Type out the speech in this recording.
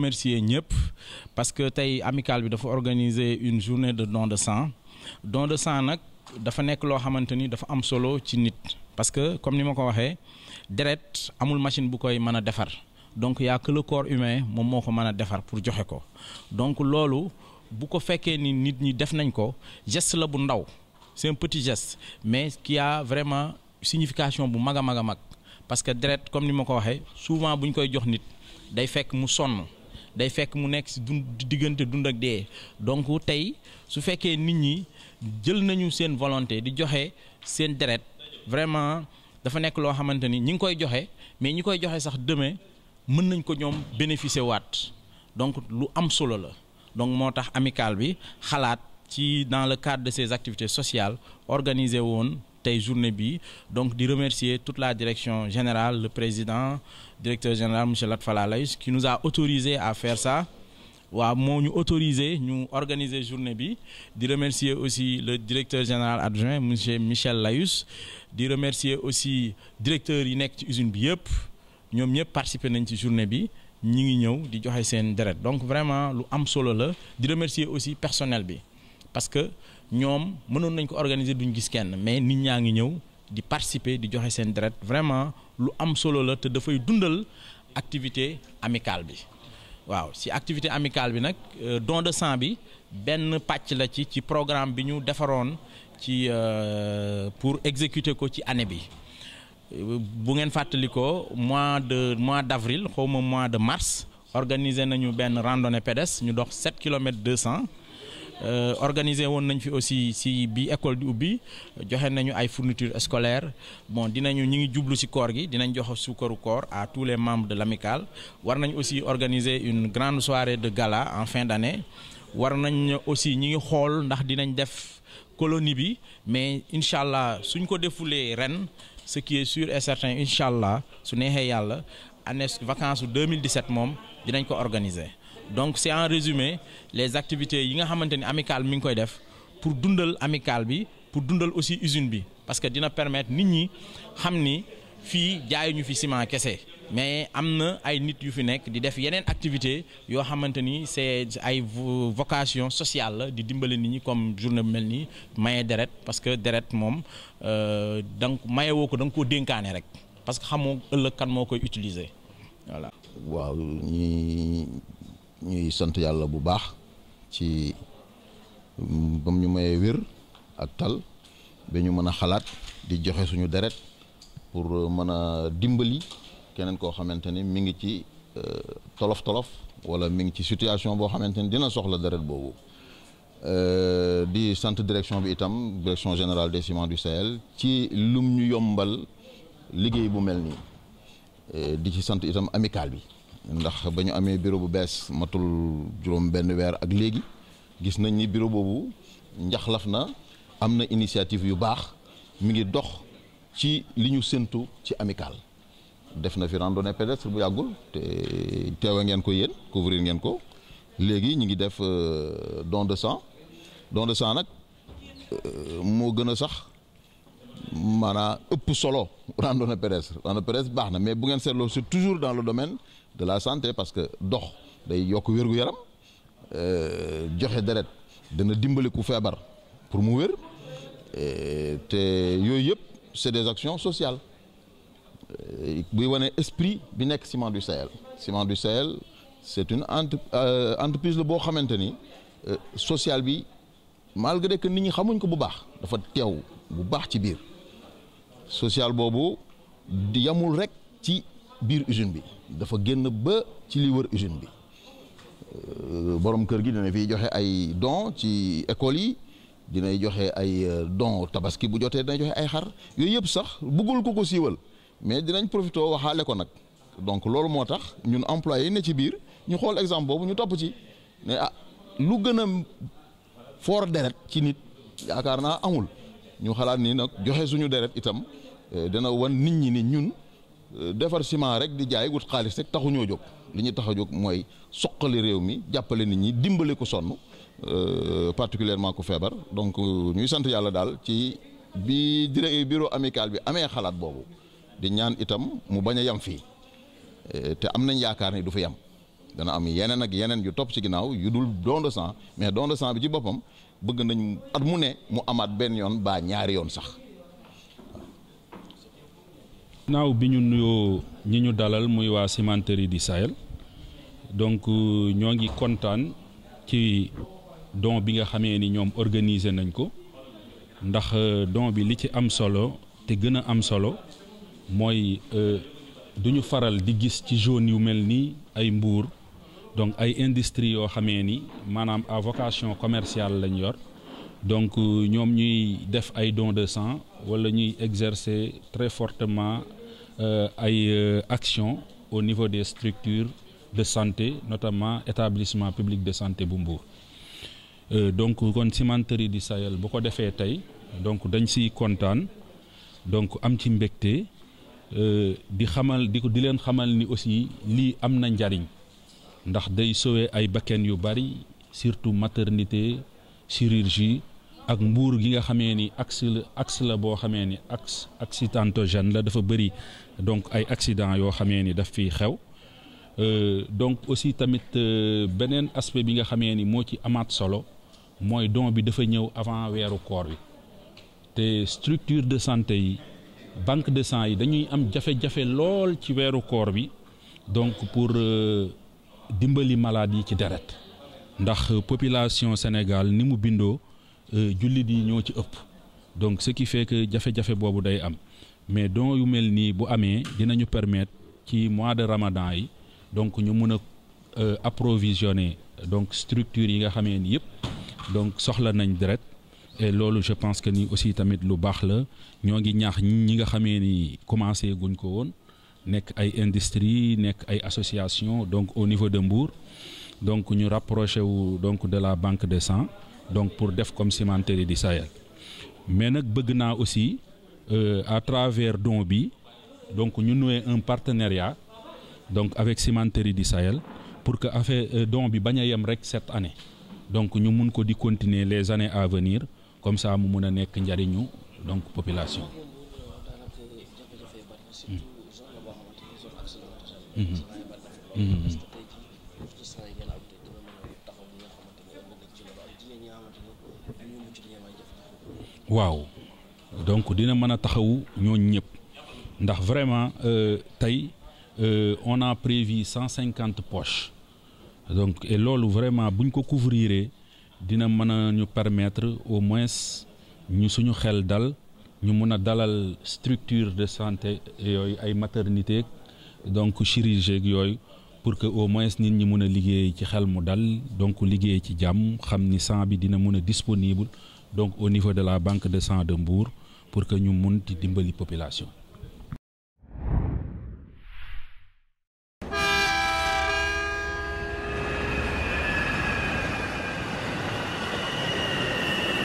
remercier ñëpp parce que tey amicale bi dafa organiser une journée de don de sang don de sang nag dafa nekk loo xamante ni dafa am solo ci nit parce que comme ni ma ko waxee deret amul machine bu koy mën a defar donc y a que corps humain moom moo ko mën a defar pour joxe ko donc loolu bu ko fekkee ni nit ñi def nañ ko gest la bu ndaw c'est un petit geste mais qui a vraiment signification bu mag a mag a mag parce que deret comme ni ma ko waxee souvent bu ñu koy jox nit day fekk mu sonn day fekk mu nekk si dund diggante dund ak dee donc tey su fekkee nit ñi jël nañu seen volonte di joxe seen deret vraiment dafa nekk loo xamante ni ñi ngi koy joxe mais ñi koy joxe sax demain mën nañ ko ñoom bénéficier waat donc lu am solo la donc moo tax amicale bi xalaat ci dans le cadre de ses activités sociales organiser woon. tey journée bi donc di remercier toute la direction générale le président directeur général monsieur Latfala Layus qui nous a autorisé à faire ça waaw moo ñu autorisé ñu organiser journée bi di remercier aussi le directeur général adjoint monsieur Michel Layus di remercier aussi directeur yi nekk ci usine bi yëpp ñoom ñëpp participer nañ ci journée bi ñu ngi ñëw di joxe seen deret donc vraiment lu am solo la di remercier aussi personnel bi parce ñoom mënoon nañ ko organiser duñ gis kenn mais nit ñaa ngi ñëw di participer di joxe seen deret vraiment lu am solo la te dafay dundal activité amicale bi waaw si activité amicale bi nag euh, don de sang bi benn pàcc la ci ci programme bi ñu defaroon ci euh, pour exécuter ko ci année bi bu ngeen fàttalikoo mois de mois d' avril xaw ma mois de mars organiser nañu benn randonnée pédestre ñu dox 7 kilomètres cent Euh, organisé woon nañ fi aussi si bi école di ubbi joxe nañu ay fourniture scolaire bon dinañu ñu ngi jublu si koor gi dinañ jox suukaru koor à tous les membres de l'amicale war nañ aussi organiser une grande soirée de gala en fin d'année war nañ aussi ñi ngi xool ndax dinañ def colonie bi mais incha allah suñ ko defulee ren ce qui est sûr et certain incha allah su neexee yàlla année vacances 2017 moom dinañ ko organiser donc c'est en résumé les activités yi nga xamante ni amicale mi ngi koy def pour dundal amical bi pour dundal aussi usine bi parce que dina permettre nit ñi xam ni fii jaayuñu fi ciment kese mais am na ay nit yu fi nekk di def yeneen activités yoo xamante ni c'est ay vocation sociale la di dimbale nit ñi comme journée bu mel nii maye deret parce que deret moom euh, da nga maye woo ko da nga koo dénkaane rek parce que xamoo ëllëg kan moo koy utiliser voilà. waaw ñuy sant yàlla bu baax ci bam ñu mayee wér ak tal ba ñu mën a xalaat di joxe suñu deret pour mën a dimbali keneen koo xamante ni mi ngi ci euh, tolof tolof wala mi ngi ci situation boo xamante ni dina soxla deret boobu euh, di sant direction bi itam direction générale des ciments du Sahel ci lum ñu yombal liggéey bu mel nii euh, di ci sant itam amicale bi ndax ba ñu amee bureau bu bees matul juróom benn weer ak léegi gis nañ ni bureau boobu njaxlaf na am na initiative yu baax mu ngi dox ci li ñu séntu ci amical def na fi randonnée pédestre bu yàggul te teewe ngeen ko yéen couvrir ngeen ko léegi ñu ngi def euh, don de sang don de sang nag euh, moo gën a sax maanaam ëpp solo randonnée pédestre randonnée pédestre baax na mais bu ngeen seetloo c'est toujours dans le domaine de la santé parce que dox day yokk wér-gu-yaram euh, joxe deret dana dimbali ku feebar pour mu wér euh, te yooyu yëpp c'est des actions sociales euh, buy wane esprit bi nekk Ciments du Sahel Ciments du Sahel c'est une entre entreprise la boo xamante ni sociale bi malgré que nit ñi xamuñ ko bu baax dafa teew bu baax ci biir social boobu yamul rek ci biir usine bi dafa génn ba ci li wër usine bi euh, borom kër gi dina fiy joxe ay don ci école yi dinay joxe ay euh, don tabaski bu jotee dina joxe ay xar yooyu yëpp sax buggul ko ko siiwal mais dinañ profité waxaale ko nag donc loolu moo tax ñun employé yi ne ci biir ñu xool exemple boobu ñu topp ci ne ah lu gën a fort deret ci nit yaakaar naa amul ñu xalaat nii nag joxe suñu deret itam eh, dana wan nit ñi ni ñun eh, defar ciment rek di jaay wut xaalis rek taxuñoo jóg li ñu tax a jóg mooy soqali réew mi jàppale nit ñi dimbale ko sonn eh, particulièrement ku feebar donc ñuy sant yàlla daal ci bi dire bureau amical bi amee xalaat boobu di ñaan itam mu bañ yam fii te am nañ yaakaar ni du fi yam dana am yeneen ak yeneen yu topp ci ginnaaw yu dul don de mais don de bi ci boppam bëgg nañ at mu ne mu amaat benn yoon baa ñaari yoon sax. naaw bi ñu nuyoo ñi ñu dalal muy waa cimenterie du Sahel donc euh, ñoo ngi kontaan ci don bi nga xamee ni ñoom organiser nañ ko ndax euh, don bi li ci am solo te gën a am solo mooy euh, duñu faral di gis ci zone yu mel nii ay mbuur donc ay industrie yoo xamee ni maanaam à vocation commerciale lañ yor donc ñoom ñuy def ay dons de sang wala ñuy exercer très fortement euh, ay euh, action au niveau des structures de santé notamment établissement public de santé bu Mbour euh, donc kon cimenterie di Sahel bu ko defee tey donc dañ siy kontaan donc am ci mbégte di xamal di ko di leen xamal ni aussi lii am na njariñ ndax day sauver ay bakken yu bari surtout maternité chirurgie ak mbuur gi nga xamee ni axe la la boo xamee ni axe accidentogène la dafa bëri donc ay accident yoo xamee ni dafa fiy xew euh, donc aussi tamit euh, beneen aspect bi nga xamee ni moo ci amaat solo mooy don bi dafa ñëw avant weeru koor bi te structure de santé yi banque de sang yi dañuy am jafe-jafe lool ci weeru koor bi donc pour euh, dimbali malade yi ci deret ndax population Sénégal ni mu bindoo euh, jullit yi ñoo ci ëpp donc ce qui fait que jafe-jafe boobu day am mais don yu mel nii bu amee dinañu permettre ci mois de ramadan yi donc ñu mun a euh, approvisionner donc structure yi nga xamee ni yëpp donc soxla nañ deret et loolu je pense que ni aussi tamit lu baax la ñoo ngi ñaax ñi nga xamee ni commencé guñ ko woon nekk ay industrie nekk ay association donc au niveau de Mbour donc ñu rapproché wu donc de la banque de sang donc pour def comme cimenterie di Sahel mais nag bëgg naa aussi euh, à travers don bi donc ñu nouer un partenariat donc avec cimenterie di Sahel pour que affaire don bi bañ a yem rek cette année donc ñu mun ko di continuer les années à venir comme ça mu mun a nekk njariñu donc population. waaw donc dina mën a taxawu ñooñ ñëpp ndax vraiment euh, tey euh, on a prévu cent cinquante poches donc et loolu vraiment buñ ko couvriree dina mën a ñu permettre au moins ñu suñu xel dal ñu mën a dalal structure de santé yooyu ay maternité donc chirurgie ak yooyu pour que au moins nit ñi mën a liggéey ci xel mu dal donc liggéey ci jàmm xam ni sang bi dina mën a disponible donc au niveau de la banque de sang de Mbour pour que ñu mun di dimbali population